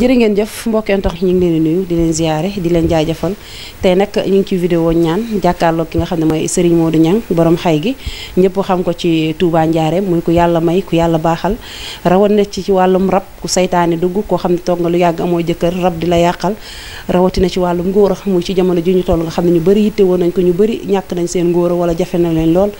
jërë ngeen jëf mbokkentox ñu ngi leen di nuyu di leen ziyaare di leen jaajëfal tey nag ñu ngi ci vidéo ñaan jàkkaarloo ki nga xam ne mooy Serigne Modou Niang borom xay gi ñëpp xam ko ci Touba Njaareem muy ku yàlla may ku yàlla baaxal rawat na ci ci wàllum rab ku saytaane dugg koo xam ne toog nga lu yàgg amoo jëkkër rab di la yàqal rawatina ci wàllum ngóor muy ci jamono ji ñu toll nga xam ne ñu bari yitte woon nañ ko ñu bëri ñàkk nañ seen ngóor wala jafe na leen lool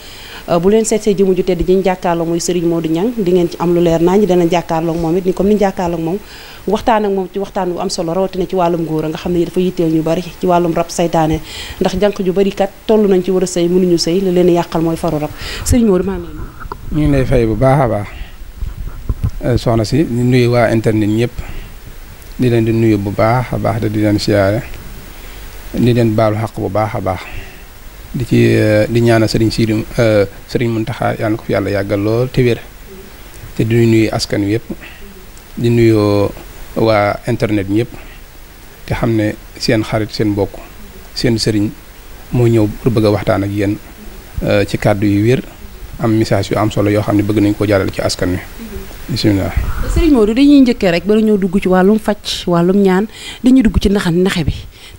Euh, bu leen seetsee jëmu ju tedd ji ñu jàkkaarloo muy Serigne Modou Niang di ngeen ci am lu leer naa ñi dana jàkkaarloo moom it ni comme ni ñu jàkkaarloo moom waxtaan ak moom ci waxtaan bu am solo rawatina ci wàllum góor a nga xam ne dafa ñu bari ci wàllum rab saytaane ndax jànq ju bari kat toll nañ ci war a sëy mënuñu sëy li leen yàqal mooy faru rab Serigne Modou maa ngi ñu ngi lay fay bu baax a baax euh, soxna si ñu nuyu waa internet ñëpp di leen di nuyu bu baax a baax di leen siyaare di leen baalu xaq bu baax a baax di ci eh, di ñaanal sëriñ Sidi eh, sëriñ muntaha yalla ko fi yalla yagal lool te wér te di nuyu askan wi di nuyu wa internet ñëpp te hamne seen xarit seen bokk seen sëriñ mo ñëw pour bëgg waxtaan ak euh ci yu am message yu am solo yo xam bëgg nañ ko jaral ci askan wi bismillah sëriñ Modou dañuy ñëkke rek bala ñëw dugg ci walum fajj walum ñaan dañuy dugg ci naxan naxé bi.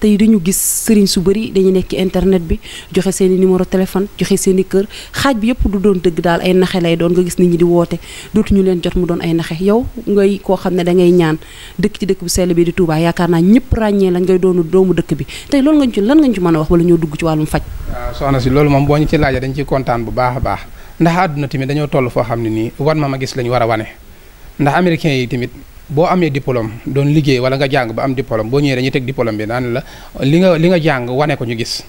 tey dañu gis sëriñ su bëri dañu nekk ci internet bi joxe seen i numéro téléphone joxe seen kër xaaj bi yëpp du doon dëgg daal ay naxe lay doon nga gis nit ñi di woote dootuñu leen jot mu doon ay naxe yow ngay koo xam ne da ngay ñaan dëkk ci dëkk bu sell bi di Touba yaakaar naa ñëpp ràññee la ngay doonu doomu dëkk bi tey loolu nga ñu ci lan nga ñu ci mën a wax wala ñoo dugg ci wàllum faj waaw soxna si loolu moom boo ñu ci laajee dañ ciy kontaan bu baax a baax ndax àdduna tamit dañoo toll foo xam ne nii wan ma ma gis lañu war a wane ndax américain yi tamit boo amee diplôme doon liggéey wala nga jàng ba am diplôme boo ñëwee dañuy teg diplôme bi naan la li nga li nga jàng wane ko ñu gis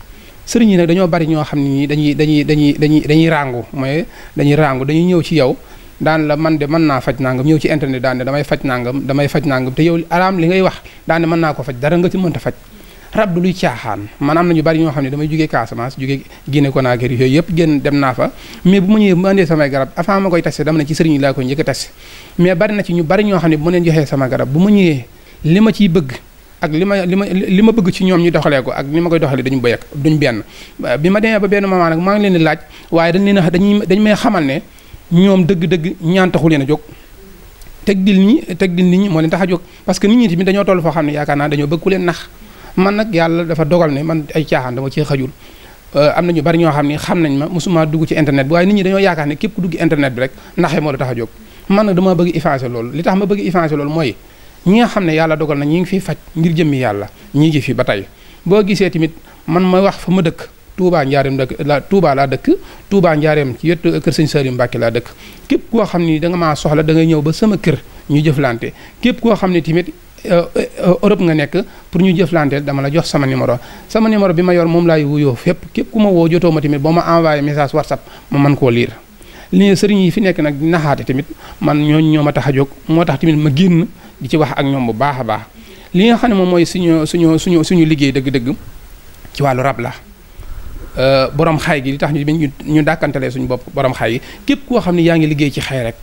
sëriñ yi nag dañoo bari ñoo xam ne dañuy dañuy dañuy dañuy dañuy ràngu mooy dañuy ràngu dañuy ñëw ci yow daan la man de mën naa faj nangam ñëw ci internet daan ne damay faj nangam damay faj nangam te yow alaam li ngay wax daan ne mën naa ko faj dara nga ci mënta faj rab du luy caaxaan man am na ñu bari ñoo xam ne damay jugee Casamance jugee Guinée Conakry yooyu yëpp génn dem naa fa mais bu ma ñëwee ma indee samay garab avant ma koy teste dama ne ci sëriñ laa koy a teste ñu bari ñoo ma ma bëgg ak li ma li ma ko ak ma koy doxalee dañu bëy duñ benn bi ma maa ngi leen di laaj waaye a dañuy dañ may xamal ne ñoom dëgg leen a jóg teg dil ñi teg dil nit ñi moo leen tax a jóg parce nit ñi tamit dañoo toll foo xam ne yaakaar naa dañoo bëgg ku leen nax man nag yàlla dafa dogal ne man ay caaxaan dama cee xajul euh, am na ñu bari ñoo xam ne xam nañ ma mosuma dugg ci internet bi waaye nit ñi dañoo yaakaar ne képp ku dugg internet bi rek ndaxee moo la tax a jóg man nag dama bëgg effacé loolu li tax ma bëgg effacé loolu mooy ñi nga xam ne yàlla dogal na ñi ngi fi faj ngir jëmmi yàlla ñi ngi fi ba tay boo gisee tamit man ma wax fa ma dëkk Touba Njaareem dëkk la Touba laa dëkk Touba Njaareem ci wetu euh, kër sëñ Saliou Mbacke laa dëkk képp koo xam ni da nga maa soxla da ñëw ba sama kër ñu jëflante képp koo xam ne tamit Euh, euh, Europe nga nekk pour ñu jëflanteel dama la jox sama numéro sama numéro bi ma yor moom laay wuyoo fépp képp ku ma woo jotoo ma tamit boo ma envoyé message WhatsApp ma man koo liir li sëriñ yi fi nekk nag di naxaate tamit man ñooñu ñoo ma tax a jóg moo tax tamit ma génn di ci wax ak ñoom bu baax a baax li nga xam ne moom mooy suñu suñu suñu suñu liggéey dëgg-dëgg ci wàllu rab la euh, borom xay gi li tax ñu ñu dàkkantalee suñu bopp borom xay gi képp koo xam ne yaa ngi liggéey ci xay rek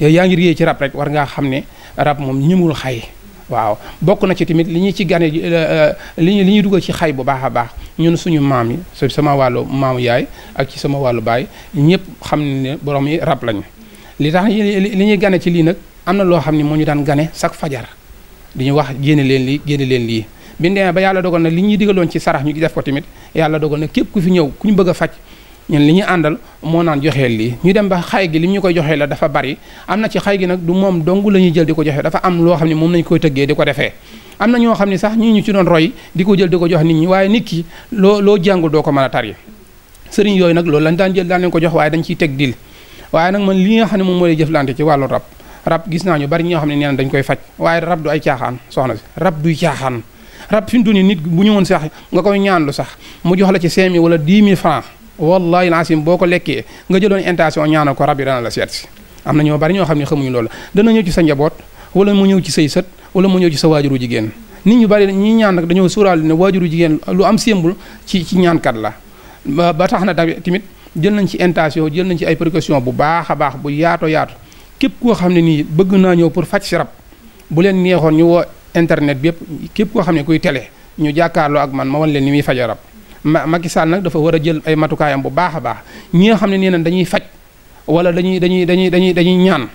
yaa ngi liggéey ci rab rek war ngaa xam ne rab moom ñëmul xay waaw bokk na ci tamit li ñu ci gane euh, euh, li ñu li ñuy dugal ci xay bu baax a baax ñun suñu maam yi ci sama wàllu maamu yaay ak ci sama wàllu baay ñëpp xam ne borom yi rab lañu li tax li ñuy gane ci lii nag am na loo xam ne moo ñu daan gane chaque fajar di ñu wax génne leen lii génne leen lii. bi ñu demee ba yàlla dogal na li ñuy digaloon ci sarax ñu def ko tamit yàlla dogal na képp ku fi ñëw ku ñu bëgg a faj. ñun li ñu àndal moo naan joxee lii ñu dem ba xay gi li ñu koy joxee la dafa bari am na ci xay gi nag du moom dong la ñuy jël di ko joxe dafa am loo xam ne moom nañ koy tëggee di ko defee am na ñoo xam ne sax ñii ñu ci doon roy di ko jël di ko jox nit ñi waaye nit ki loo loo jàngul ko mën a tari sëriñ yooyu nag loolu lañ daan jël daan leen ko jox waaye dañ ciy teg dil waaye nag man li nga xam ne moom moo lay jëflante ci wàllu rab rab gis naa ñu bari ñoo xam ne nee dañ koy faj waaye rab du ay caaxaan soxna si rab duy caaxaan rab fi mu nit bu ñu woon nga koy ñaanlu sax mu jox la ci 5000 wala 10 000 francs wallahi alazim boo ko lekkee nga jëloon intention ñaana ko rab yi dana la seet si am na ñoo bari ñoo xam ne xamuñu loolu dana ñëw ci sa njaboot wala mu ñëw ci say sët wala mu ñëw ci sa waajuru jigéen nit ñu bari ñi ñaan nag dañoo suuraal ne waajuru jigéen lu am sémbul ci ci ñaankat la ba tax na tamit jël nañ ci intention jël nañ ci ay précaution bu baax a baax bu yaato yaatu képp koo xam ne nii bëgg naa ñëw pour faj si rab bu leen neexoon ñu woo internet bi yëpp képp koo xam ne kuy tele ñu jàkkaarloo ak man ma wan leen ni muy faja Macky Sall nag dafa war a jël ay matukaayam bu baax a baax ñi nga xam ne nee nañ dañuy faj wala dañuy dañuy dañuy dañuy dañuy ñaan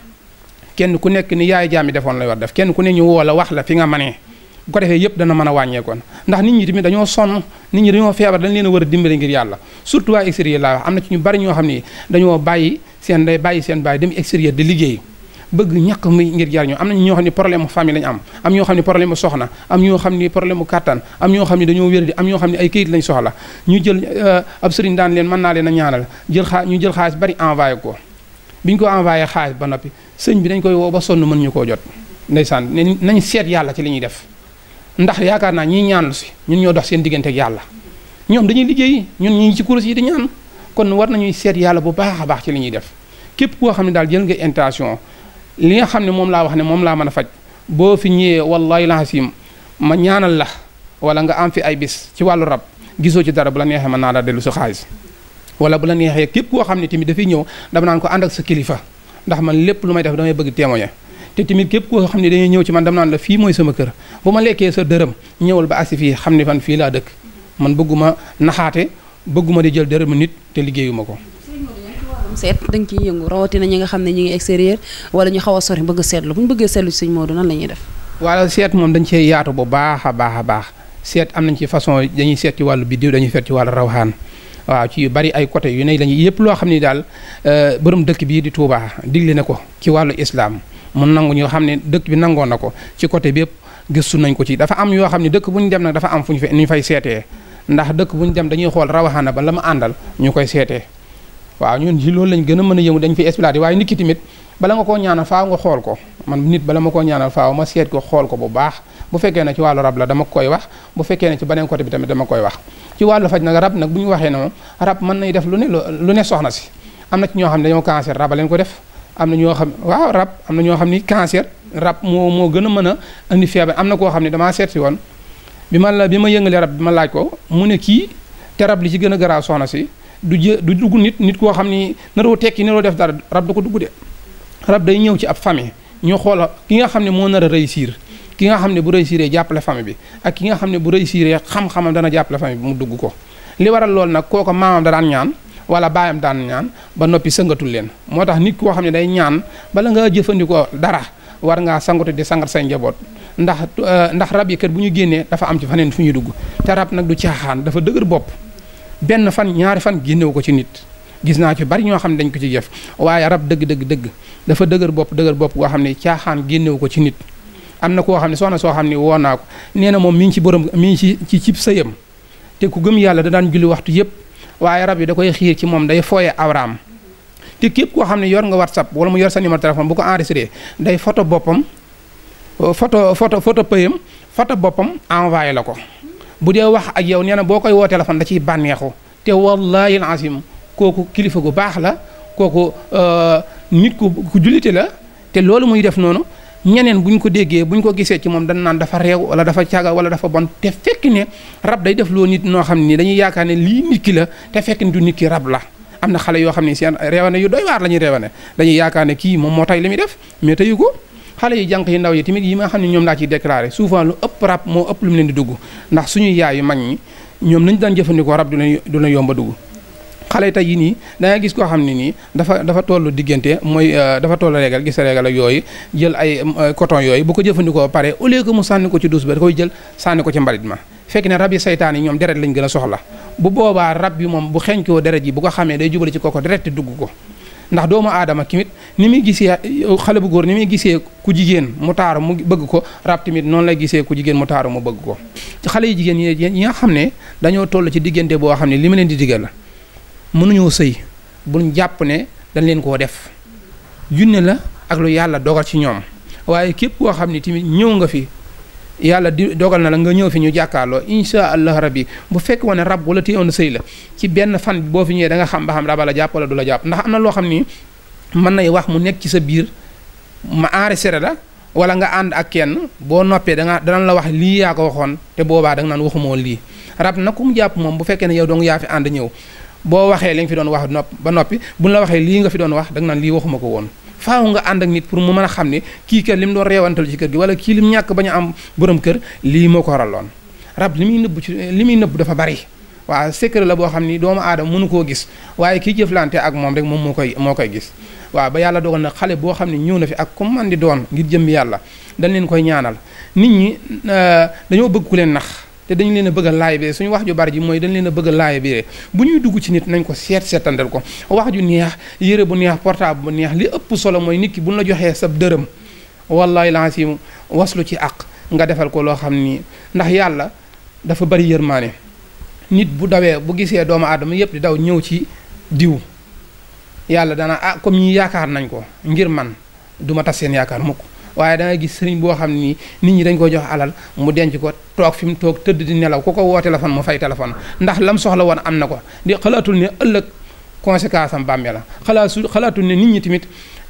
kenn ku nekk ni yaay jaam yi defoon lay war def kenn ku ne ñu woo la wax la fi nga manee bu ko defee yëpp dana mën a wàññeekoon ndax nit ñi tamit dañoo sonn nit ñi dañoo feebar dañ leen war a dimbali ngir yàlla surtout waa extérieur laa wax am na ci ñu bari ñoo xam ne dañoo bàyyi seen day bàyyi seen bàyyi dem extérieur di liggéey bëgg ñàkk muy ngir jariñoo am nañ ñoo xam ne problème mu famille lañu am am ñoo xam ne problème mu soxna am ñoo xam ni problème mu kàttan am ñoo xam ne dañoo wér di am ñoo xam ne ay kayit lañ soxla ñu jël euh, ab sëriñ daan leen mën naa leen a ñaanal jël xaa ñu jël xaalis bari envoyé ko bi ñu ko envoyé xaalis ba noppi sëñ bi dañ koy woo ba sonn mën ñu koo jot ndeysaan nañ seet yàlla ci li ñuy def ndax yaakaar naa ñiy ñaanlu si ñun ñoo dox seen diggante ak ñoom dañuy liggéey ñun ñi ci kuréel yi di ñaan kon war nañuy seet yàlla bu baax a baax ci li ñuy def képp koo xam ne daal jël nga intention li nga xam ne moom laa wax ne moom laa mën a faj boo fi ñëwee wallahi lahasim ma ñaanal la wala nga am fi ay bis ci wàllu rab gisoo ci dara bu la neexee man naa la dellu sa xaalis wala bu la neexee képp koo xam ne tamit dafay ñëw dama naan ko ànd ak sa kilifa ndax man lépp lu may def damay bëgg témoigner te tamit képp koo xam ne dañuy ñëw ci man dama naan la fii mooy sama kër bu ma lekkee sa dërëm ñëwal ba asi fii xam ne fan fii laa dëkk man bëgguma naxaate bëgguma di jël dërëm nit te liggéeyuma ko seet danga ciy yëngu rawatina ñi nga xam ne ñu ngi extérieur wala ñu xaw a sori bëgg a seetlu bu ñu bëggee seetlu ci sëñ Modou nan la def wala seet moom dañ cee yaatu bu baax a baax a baax seet am nañ ci façon dañuy seet ci wàllu biddiw dañuy seet ci wàllu rawxaan waaw ci yu bari ay côté yu ne lañuy yëpp loo xam ni daal euh, borom dëkk bii di Touba digle na ko ci wàllu islaam mu nangu ñoo xam ne dëkk bi nangoon na ko ci côté bépp yëpp gëstu nañ ko ci dafa am yoo xam ne dëkk bu ñu dem nag dafa am fu ñu fay seetee ndax dëkk bu ñu dem dañuy xool rawaxaana ba la ma àndal ñu koy seetee waaw ñun ci loolu lañ gën a mën a yëngu dañ fi exploité waaye nit ki tamit bala nga koo ñaanal faaw nga xool ko man nit bala ma koo ñaanal faaw ma seet ko xool ko bu baax bu fekkee ne ci wàllu rab la dama koy wax bu fekkee ne ci beneen côté bi tamit dama koy wax ci wàllu faj nag rab nag bu ñu waxee ne rab mën nay def lu ne lu ne soxna si am na ci ñoo xam ne dañoo cancer rab leen ko def am na ñoo xam waaw rab am na ñoo xam ne cancer rab moo moo gën a mën a indi feebar am na koo xam ne damaa seet woon bi ma la bi ma yëngalee rab bi ma laaj ko mu ne kii te rab ci gën a garaaw soxna si du du dugg nit nit ko xamni ni naroo tekki naroo def dara rab du ko dugg de rab day ñew ci ab famille ñu xol ki nga xamni mo na nar a réussir ki nga xamni ne bu réussiree jàppale famille bi ak ki nga xamni bu réussiree xam-xamam dana jàppale famille bi mu dugg ko li waral loolu nak koko mamam da daan ñaan wala bayam da ñaan ba nopi sëngatul len motax nit ko xamni day ñaan bala nga jëfëndiko dara war nga sangatu di sangar say njabot ndax euh, ndax rab yi kat buñu génné dafa am ci fanen fuñu dugg te rab nak du xaan dafa deugur bop benn fan ñaari fan génnewu ko ci nit gis naa ci bari ñoo xam ne dañ ko ci jëf waaye rab dëgg dëgg dëgg dafa dëgër bopp dëgër bopp goo xam ne caaxaan génnewu ko ci nit am na koo xam ne soxna soo xam ne woo naa ko nee na moom mi ngi ci borom mi ngi ci ci cib sëyam te ku gëm yàlla da daan julli waxtu yépp waaye rab yi da koy xiir ci moom day fooye awraam te képp koo xam ne yor nga whatsapp wala mu yor sa numéro téléphone bu ko enregistré day photo boppam photo photo photo payam photo boppam envoyé la ko bu dee wax ak yow nee na boo koy woo téléphone da ciy bànneexu te wallahi alazim kooku kilifa gu baax la kooku euh, nit ku ku jullite la te loolu muy def noonu ñeneen bu ñu ko déggee bu ñu ko gisee ci moom dañ naan dafa réew wala dafa caaga wala dafa bon te fekk ne rab day def loo nit noo xam ne dañuy yaakaar ne lii nit ki la te fekk ne du nit ki rab la am na xale yoo xam ne seen réewane yu doy waar la ñuy réewane dañuy yaakaar ne kii moom moo tay li muy def mais teyu ko xale yu jànq yu ndaw yi tamit yi nga xam ne ñoom laa ciy déclaré souvent lu ëpp rab moo ëpp lu mu leen di dugg ndax suñu yaay yu mag ñi ñoom nañu daan jëfandikoo rab du leen du leen dugg xale tey yi nii da gis koo xam ne nii dafa dafa toll diggante mooy euh, dafa toll régal gis régal ak yooyu jël ay euh, coton yooyu bu ko jëfandikoo pare au lieu mu sànni ko ci duus ba da koy jël sànni ko ci mbalit ma fekk ne rab yi saytaan yi ñoom deret lañ gën a soxla bu boobaa rab bi moom bu xeeñ koo deret yi bu ko xamee day jubali ci kooko deret dugg ko ndax doomu aadama tamit ni muy gisee xale bu góor ni muy gisee ku jigéen mu taaru mu bëgg ko rab tamit noonu lay gisee ku jigéen mu taaru mu bëgg ko xale yu jigéen yi nga xam ne dañoo toll ci diggante boo xam ne li ma leen di digal la mënuñoo sëy buñ jàpp ne dañ leen koo def junne la ak lu yàlla dogal ci ñoom waaye képp koo xam ni tamit ñëw nga fi yàlla di dogal na la nga ñëw fi ñu jàkkaarloo insha allah rabbi bu fekk woon ne rab wala téyoon sëy la ci benn fan boo fi ñëwee da nga xam ba xam raba la jàpp wala du la jàpp ndax am na loo xam ni mën nañ wax mu nekk ci sa biir ma enregistré la wala nga ànd ak kenn boo noppee da nga danañ la wax lii yaa ko waxoon te boobaa da nga naan waxuma woon lii rab na ku mu jàpp moom bu fekkee ne yow dong yaa fi ànd ñëw boo waxee li nga fi doon wax nopp ba noppi buñ la waxee lii nga fi doon wax da nga lii waxuma ko woon faaw nga ànd ak nit pour mu mën a xam ne kii kër li mu doon reewantal ci kër gi wala kii lim ñàkk bañ a am borom kër lii moo ko raloon rab li muy nëbb ci li muy nëbbu dafa bari waaw secret la boo xam ni doomu aadama mënu koo gis waaye kii jëflante ak moom rek moom moo koy moo koy gis waaw ba yàlla dogal na xale boo xam ne ñëw na fi ak comme man doon ngir jëm yàlla dañ leen koy ñaanal nit ñi euh, dañoo bëgg ku leen nax te dañ leen a bëgg a laay bire suñu wax ju bari ji mooy dañ leen a bëgg a bu ñuy dugg ci nit nañ ko seet seetandal ko wax ju neex yére bu neex portable bu neex li ëpp solo mooy nit ki bu la joxee sab dërëm wallahi lancim waslu ci àq nga defal ko loo xam ni ndax yàlla dafa bari yërmaane nit bu dawee bu gisee doomu aadama yëpp di daw ñëw ci diw yàlla dana ah comme ñi yaakaar nañ ko ngir man duma tas seen yaakaar mukk waaye da gis sëriñ boo xam ni nit ñi dañ ko jox alal mu denc ko toog fi mu toog tëdd di nelaw ku ko woo téléphone mu fay téléphone ndax lam soxla woon am na ko di xalaatul ne ëllëg conséquence am bàmmee la xalaatul xalaatul ne nit ñi tamit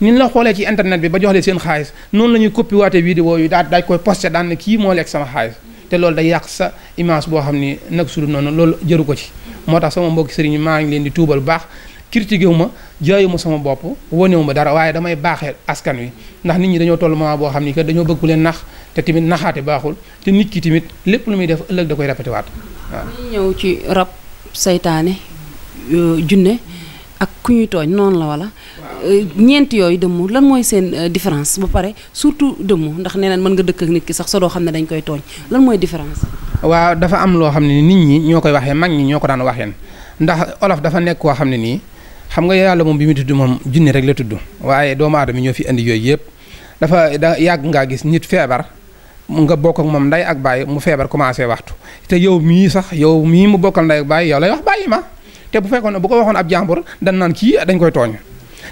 ni la xoolee ci internet bi ba jox leen seen xaalis noonu la ñuy coppi waate vidéo yu daal daaj koy posté daan ne kii moo lekk sama xaalis te loolu day yàq sa image boo xam ni nag su dul noonu loolu jëru ko ci moo tax sama mbokki sëriñ maa ngi leen di tuubal baax critiqué wu ma jaayu ma sama bopp wane wu ma dara waaye damay baaxee askan wi ndax nit ñi dañoo toll moment boo xam ni que dañoo bëgg leen nax te tamit naxaate baaxul te nit ki tamit lépp lu muy def ëllëg da koy répété waat ñëw ci rab saytaane euh, junne ak ku ñuy tooñ noonu la wala. Euh, ñeent yooyu dëmm lan mooy seen euh, différence ba pare surtout dëmm ndax nee na dëkk ak nit ki sax sa doo xam ne dañ koy tooñ lan mooy différence. waaw dafa am loo xam ne nit ñi ñoo koy waxee mag ñi ñoo ko daan waxeen ndax olof dafa nekk koo xam ne nii. xam nga yàlla moom bi mu tudd moom junni rek la tudd waaye doomu aadama ñoo fi indi yooyu yëpp dafa da yàgg ngaa gis nit feebar nga bokk moom nday ak bàyyi mu feebar commencé waxtu te yow mii sax yow mii mu bokkal nday ak bàyyi yow lay wax bàyyi ma te bu fekkoon ne bu ko waxoon ab jàmbur dan naan kii dañ koy tooñ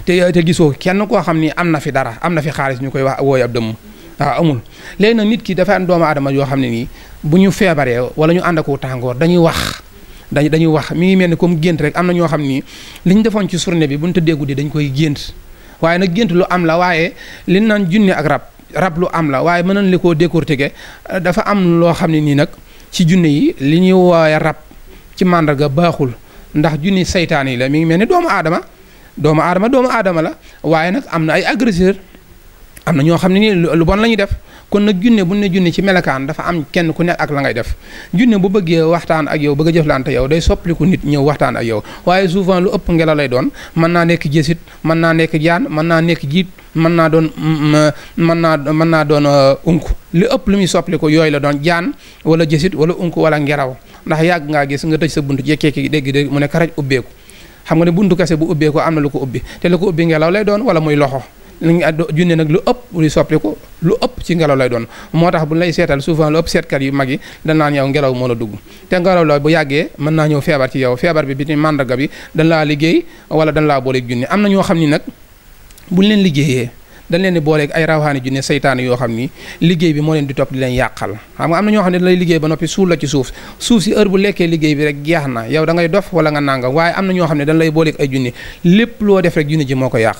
te te gisoo kenn koo xam ni am na fi dara am na fi xaalis ñu koy wax wooy ab dëmm waaw amul léegi nag nit ki dafa am doomu aadama yoo xam ne nii bu ñu feebaree wala ñu ànd ak tàngoor dañuy wax dañ dañuy wax mi ngi mel ni comme gént rek am na ñoo xam ni li ñu defoon ci surne bi bu ñu tëddee guddi dañ koy gént waaye nag gént lu am la waaye li ñu naan junne ak rab rab lu am la waaye mën na li koo décortiquer dafa am loo xam ne nii nag ci junne yi li ñuy wooye rab ci màndarga baaxul ndax junni saytaan yi la mi ngi mel ni doomu aadama doomu aadama doomu aadama la waaye nag am na ay agresseur am na ñoo xam ne nii lu bon la ñuy def kon nag junne bu ne junne ci melokaan dafa am kenn ku nekk ak la ngay def junne bu bëggee waxtaan ak yow bëgg a jëflante yow day soppaliku nit ñëw waxtaan ak yow waaye souvent lu ëpp ngelaw lay doon mën naa nekk jësit mën naa nekk jaan mën naa nekk jiit mën naa doon mm, mm, mën naa mën naa doon uh, unk li ëpp lu muy soppaliku yooyu la doon jaan wala jësit wala unk wala ngeraw ndax yàgg ngaa gis nga tëj sa bunt jekkee ki dégg dégg mu ne karaj ubbeeku xam nga ne buntu kese bu ubbeeku am na lu ko ubbi te lu ko ubbi ngelaw lay doon wala muy loxo lu nga junne nag lu ëpp luy soppiku lu ëpp ci ngelaw lay doon moo tax bu lay seetal souvent lu ëpp yu mag yi dañ naan ngelaw moo dugg te ngelaw la bu yàggee mën naa ñëw feebar ci yow feebar bi bi ci màndarga bi dañ laa liggéey wala dañ laa booleeg junne am na ñoo xam ni nag buñ leen liggéeyee dañ leen di booleeg ay rawaxaani junne saytaane yoo xam ni liggéey bi moo leen di topp di leen yàqal ñoo xam ne lay liggéey ba noppi suul la ci suuf suuf si heure bu lekkee liggéey bi rek jeex na yow da ngay dof wala nga nangam waaye am na ñoo xam ne dañ lay booleeg ay junne lépp loo def rek junne ji moo ko yàq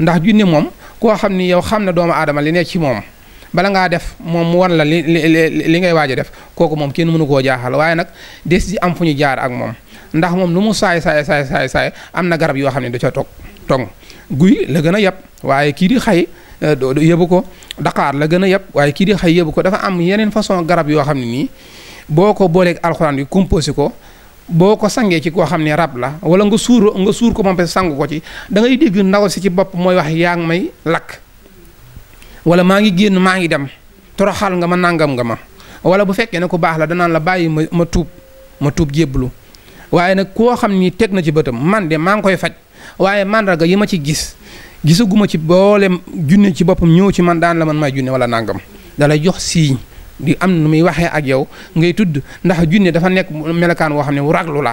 ndax junne moom koo xam ni yow xam na doomu aadama li ne ci moom bala ngaa def moom mu wan la li li ngay waaj a def kooku moom kenn mënu koo jaaxal waaye nag des di am fu ñu jaar ak moom ndax moom lu mu saay saay saay saay saay am na garab yoo xam ne da ca toog tong guy la gën a yab waaye kii di xay euh, yëbu ko daqaar la gën a yab waaye kii di xay yëbu ko dafa am yeneen façon garab yoo xam ne nii boo ko booleeg alxuraan bi composé ko boo ko sangee ci koo xam ne rab la wala nga suur nga suur ko moom sangu ko ci da ngay dégg ndaw si ci bopp mooy wax yaa ngi may lakk wala maa ngi génn maa ngi dem toroxal nga ma nàngam nga ma wala bu fekkee ne ku baax la danaan la bàyyi ma ma tuub ma tuub jébbalu waaye nag koo xam ni teg na ci bëtam man de maa ngi koy faj waaye màndarga yi ma ci gis gisaguma ci boole junne ci boppam ñëw ci man daan la man may junne wala nàngam dalay jox siiñ di am nu muy waxee ak yow ngay tudd ndax junne dafa nekk melokaan woo xam ne wu raglu la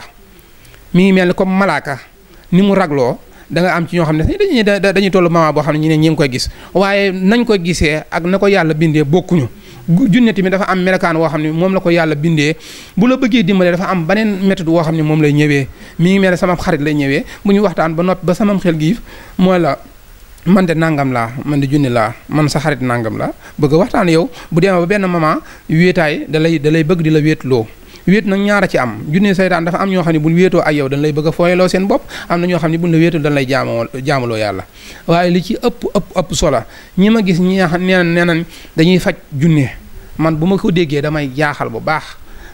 mi ngi mel comme malaaka ni mu ragloo danga am ci ñoo xam ne dañuy dañuy tollu moment boo xam ne ñi ne ñi ngi koy gis waaye nañ ko gisee ak na ko yàlla bindee bokkuñu junne tamit dafa am melokaan woo xam ne moom la ko yàlla bindee bu la bëggee dimbalee dafa am beneen méthode woo xam ne moom lay ñëwee mi ngi mel sama xarit lay ñëwee bu ñu waxtaan ba noppi ba sama xel giif mooy man de nangam laa man de junni laa man sa xarit nangam laa bëgg waxtaan yow bu demee ba benn moment wéetaay da lay da lay bëgg di la wéetloo wéet nag ñaara ci am junni saytaan dafa am ñoo xam ne buñ wéetoo ak yow dañ lay bëgg a fooyaloo bopp am na xam ne buñ la wéetul dañ lay jaamoo jaamaloo yàlla waaye li ci ëpp ëpp ëpp solo ñi ma gis ñi nee neenañ dañuy faj junne man bu ma ko déggee damay jaaxal bu baax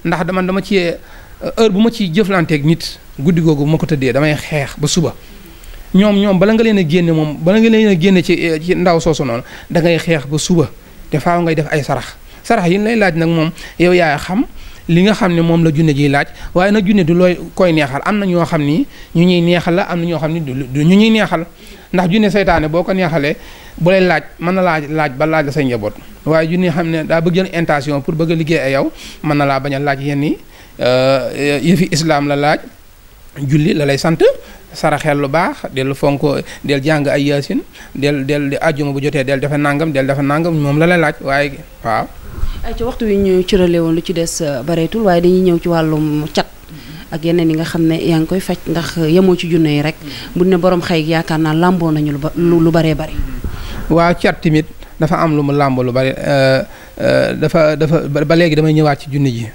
ndax dama dama ci heure bu ma ci jëflanteek nit guddi googu bu ma ko tëddee damay xeex ba suba ñoom ñoom bala nga leen a génne moom bala nga leen a génne ci eh, ci ndaw soosu noonu da ngay xeex ba suba te faaw ngay def ay sarax sarax yi lay laaj nag moom yow yaa xam. li nga xam ne moom la junne ji laaj waaye nag junne du looy koy neexal am na ñoo xam ni ñu ñuy neexal la am na ñoo xam ni du ñu ñuy neexal ndax junne seytaane boo ko neexalee bu lay laaj mën na laaj laaj ba laaj la say njaboot waaye junne xam ne daa bëgg jël intention pour bëgg liggéey ak yow mën na laa bañ a laaj yenn euh, yëfi islam la laaj julli la lay sant saraxel lu baax dellu fonk del jàng ay yaasin del del ajjuma bu jotee del dafa nangam del dafa nangam moom la lay laaj waaye waaw. ay ci waxtu wi ñu cërale woon lu ci des euh, bareetul waaye dañuy ñëw ci wàllum cat. ak yeneen yi nga xam ne yaa ngi koy faj ndax yemoo ci junne yi rek. bu ne borom xëy yaakaar naa làmboo nañu lu ba lu baree bari. waaw cat tamit dafa am lu mu làmb lu bari euh, euh, dafa dafa ba léegi damay ñëwaat ci junne ji.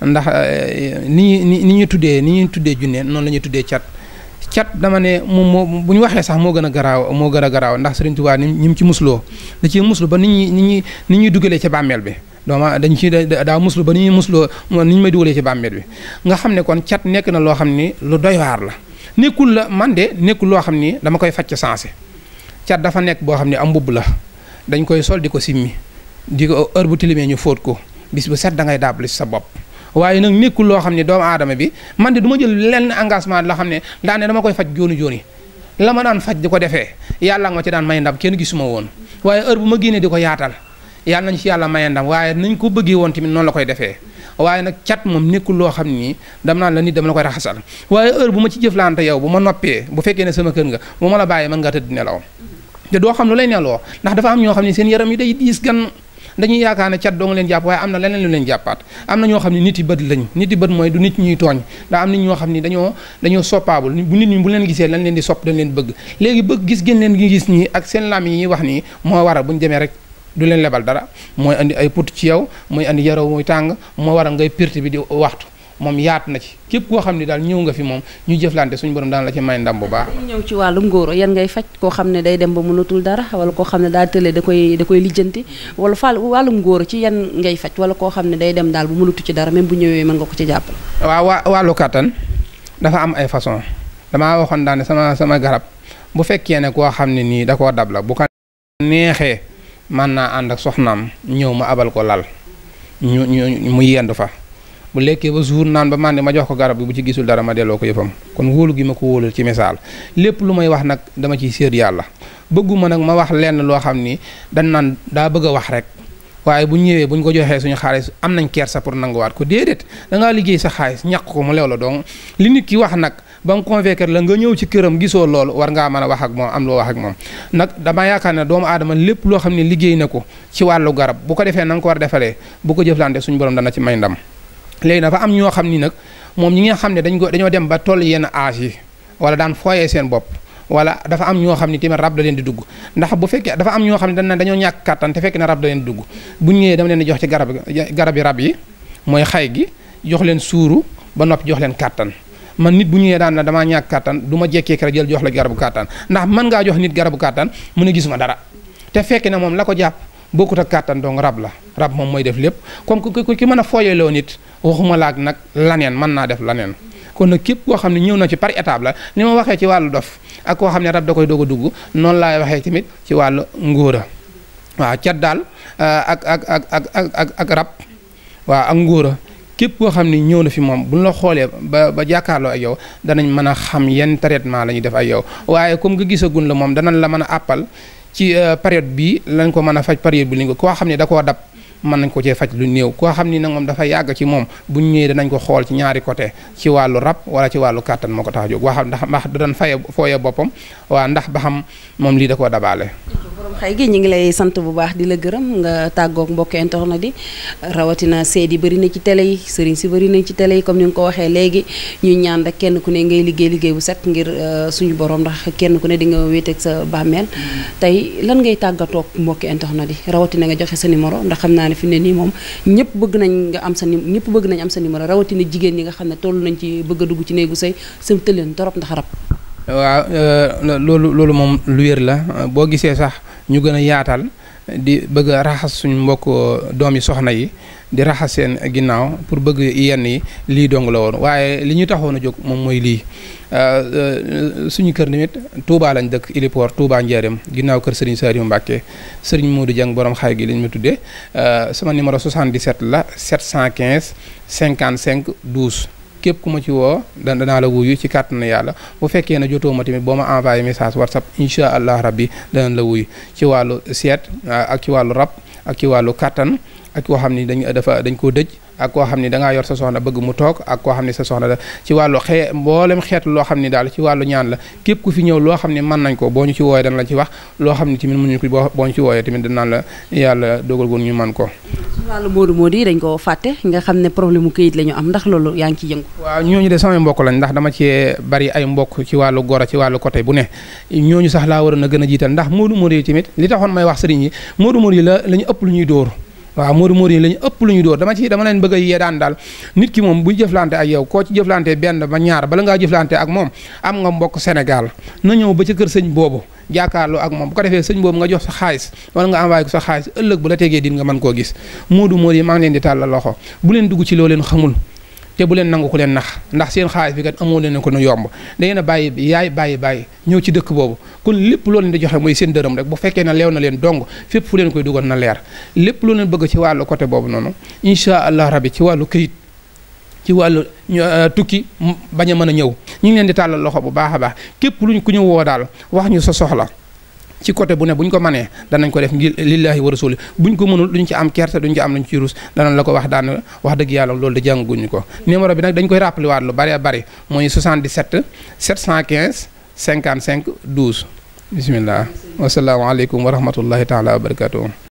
ndax euh, ni ñuy ni ñuy tuddee ni ñuy tuddee junne noonu la ñuy tuddee cat cat dama ne moom moo bu ñu waxee sax moo gën a garaaw moo gën a garaaw ndax Serigne Touba ni ñi mu ci musloo da ciy muslu ba nit ñi nit ñi nit ñuy dugalee ca bàmmeel bi dooma dañ ci daa muslu ba nit ñuy musloo ni ñu may dugalee ci bàmmeel bi nga xam ne kon cat nekk na loo xam ni lu doy waar la nekkul la man de nekkul loo xam ni dama koy facc sensé cat dafa nekk boo xam ne am mbubb la dañ koy sol di ko simmi di ko heure bu tilimee ñu fóot ko bis bu set da ngay daabali sa bopp waaye nag nekkul loo xam ne doomu aadama bi man de du jël lenn engagement la xam ne daane dama koy faj jooni jooni la ma daan faj di ko defee yàlla nga ci daan may ndam kenn gisuma woon waaye heure bu ma génnee di ko yaatal yàlla nañ ci yàlla maye ndam waaye nañ ko bëggee woon tamit noonu la koy defee waaye nag cat moom nekkul loo xam ni dam naan la nit dama la koy raxasal waaye heure bu ma ci jëflante yow bu ma noppee bu fekkee ne sama kër nga bu ma la bàyyee mën nga tëdd nelaw te doo xam lu lay neloo ndax dafa am ñoo xam ne seen yaram dañuy yaakaar ne cat doo nga leen jàpp waaye am na leneen lu leen jàppaat am na ñoo xam ne nit yi bët lañ nit yi bët mooy du nit ñuy tooñ daa am nit ñoo xam ne dañoo dañoo soppaabul bu nit ñi bu leen gisee lañ leen di sopp dañ leen bëgg léegi bëgg gis gen leen gi gis ñi ak seen lam yi ñuy wax nii moo waral bu ñu demee rek du leen lebal dara mooy indi ay put ci yow mooy indi yaraw mooy tàng moo waral ngay perte bi di waxtu moom yaatu na ci képp koo xam ne daal ñëw nga fi moom ñu jëflante suñu borom daan la ci may ndam bu baax. dañuy ñëw ci wàllum góoro yan ngay faj koo xam ne day dem ba mënatul dara wala koo xam ne daal tële da koy da koy lijjanti wala fal wàllum góoro ci yan ngay faj wala koo xam ne day dem daal bu mënatu ci dara même bu ñëwee mën nga ko ci jàppale. waaw waa wàllu kàttan dafa am ay façon damaa waxoon daal ne sama sama garab bu fekkee ne koo xam ne nii da koo dab bu ko neexee mën naa ànd ak soxnaam ñëw ma abal ko lal ñu yendu fa bu lekkee ba jour naan ba màndi ma jox ko garab bu ci gisul dara ma delloo ko yëppam kon wóolu gi ma ko wóolal ci misaal lépp lu may wax nag dama ciy séer yàlla bëgguma nag ma wax lenn loo xam ni dañ naan daa bëgg wax rek waaye bu ñëwee bu ñu ko joxee suñu xaalis am nañ kersa pour nanguwaat ko déedéet da liggéey sa xaalis ñàq ko mu lew la donc li nit ki wax nag ba mu la nga ñëw ci këram gisoo loolu war ngaa mën a wax ak moom am loo wax ak moom nag dama yaakaar ne doomu aadama lépp loo xam ne liggéey na ko ci wàllu garab bu ko defee na nga ko war defalee bu ko jëflante suñu borom dana ci may ndam léegi dafa am ñoo xam ni nag moom ñi nga xam ne dañ ko dañoo dem ba toll yenn âge yi wala daan fooyee seen bopp wala dafa am ñoo xam ni tamit rab da leen di dugg ndax bu fekkee dafa am ñoo xam ne dañ dañoo ñàkk kàttan te fekk na rab da leen di bu ñëwee dama leen jox ci garab garab yi rab yi mooy xay gi jox leen suuru ba noppi jox leen kàttan man nit bu ñëwee daan na damaa ñàkk kàttan du ma jekkee kër jël jox la garabu kàttan ndax mën ngaa jox nit garabu kàttan mu ne gisuma dara te fekk na moom la ko jàpp bokut ak katan dong rab la rab mom moy def lepp comme ku ki meuna a lo nit waxuma lak nak lanen man na def lanen kon nak kep ko xamni ñew na ci par étape la ni ma waxee ci walu dof ak ko xamni rab da koy doog a dugg noonu laay waxee tamit ci walu ngóora wa cat dal euh, ak ak ak ak ak rab wa ak ngóora kep ko xamni ñew na fi mom bu la xolé ba ba jakarlo ak yow danañ mën a xam yeen traitement lañu def ak yow waye comme nga gisagun la moom danañ la mën a ci euh, période bi lañ ko mën a faj période bi lañ ko koo xam ne da koo dab mën nañ ko cee faj lu néew koo xam ni nag moom dafa yàgg ci moom bu ñu ñëwee danañ ko xool ci ñaari côté ci wàllu rab wala ci wàllu kàttan moo ko tax a jóg waa xam ndax ndax da doon faye fooye boppam waa ndax ba xam moom lii da koo dabaale borom xëy gi ngi lay sant bu baax di la gërëm nga tàggoog mbokk na di rawatina seed yi bëri na ci télé yi sëriñ si bëri nañ ci tele yi comme ni nga ko waxee léegi ñuy ñaan rek kenn ku ne ngay liggéey liggéey bu set ngir euh, suñu borom ndax kenn ku ne di nga wéeteeg sa bàmmeel tey lan ngay tàggatoog mbokki internet di rawatina nga joxe sa numéro ndax xam naa ne fi mu ne nii moom ñëpp bëgg nañ nga am sa ni ñëpp bëgg nañ am sa numéro rawatina jigéen ñi nga xam ne tollu nañ ci bëgg dugg ci néegu sëy sam tëleen torop ndax rab waaw euh, loolu loolu moom lu wér la boo gisee sax ñu gën a yaatal di bëgg a raxas suñ mbokk doom yi soxna yi di raxas seen ginnaaw pour bëgg yenn yi lii dong la woon waaye li ñu taxoon a jóg moom mooy lii euh, euh, suñu kër tamit Touba lañ dëkk Ilipor Touba Njaareem ginnaaw kër Serigne Saliou Mbacke Serigne Modou Dieng borom xay gi lañ ma tuddee euh, sama numéro 77 la 715 55 12. képp ku ma ci woo da danaa la wuyu ci kàttanu yàlla bu fekkee ne jotoo ma tamit boo ma envoyé message whatsapp incha allah rabbi danañ la wuyu ci wàllu seet ak ci wàllu rab ak ci wàllu kàttan ak koo xam ni dañ dafa dañ koo dëj ak koo xam ni dangaa yor sa soxna bëgg mu toog ak koo xam ni sa soxna da ci wàllu xee mboolem xeet loo xam ni daal ci wàllu ñaan la képp ku fi ñëw loo xam ne mën nañ ko boo ñu ci wooyee dana la ci wax loo xam ne tamit mënuñu ko boo ñu ci wooyee tamit danaan la yàlla dogal woon ñu man ko wàllu moodu moodu yi dañ ko fàtte nga xam ne problème mu këyit la am ndax loolu yaa ngi ci yëngu waaw ñooñu de samay mbokk lañ ndax dama cee bari ay mbokk ci wàllu goro ci wàllu côté bu ne ñooñu sax laa war a gën a jiital ndax moodu moodu tamit li taxoon may wax sëriñ yi moodu moodu yi la la ñu ëpp lu ñuy dóor waaw muur muur yi la ñu ëpp lu ñu dóor dama ci dama leen bëgg a yee daal nit ki moom buy jëflante ak yow koo ci jëflantee benn ba ñaar bala ngaa jëflante ak moom am nga mbokk Sénégal na ñëw ba ca kër sëñ boobu loo ak moom bu ko defee sëñ boobu nga jox sa xaalis wala nga envoyé ko sa xaalis ëllëg bu la tegee din nga mën koo gis moodu móor yi maa ngi leen di tàllal loxo bu leen dugg ci loo leen xamul te bu leen nangu ku leen nax ndax seen xaalis bi kat amoo leen ko nu yomb dangeen a bàyyi yaay bàyyi bàyyi ñëw ci dëkk boobu kon lépp loo leen di joxe mooy seen dërëm rek bu fekkee na leew na leen dong fépp fu leen koy dugal na leer lépp loo leen bëgg ci wàllu côté boobu noonu incha allah rabi ci wàllu kayit ci wàllu euh, tukki bañ a mën a ñëw ñu ngi leen di tàllal loxo bu baax a baax képp luñ ku ñëw woo daal wax ñu sa soxla ci côté bu ne bu ñu ko manee danañ ko def ngir lillahi wa rasuli buñ ko mënul duñ ci am kerte duñ ci am luñ ci rus danañ la ko wax daan wax dëgg yàlla loolu da jànguñu ko numéro bi nag dañ koy rappelé waat lu bari bari mooy 77 715 55 12 bismillah wasalaamaaleykum wa rahmatullahi taala wa barakatuh